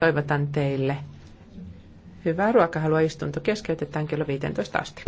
toivotan teille hyvää ruokahalua. Istunto keskeytetään kello 15 asti.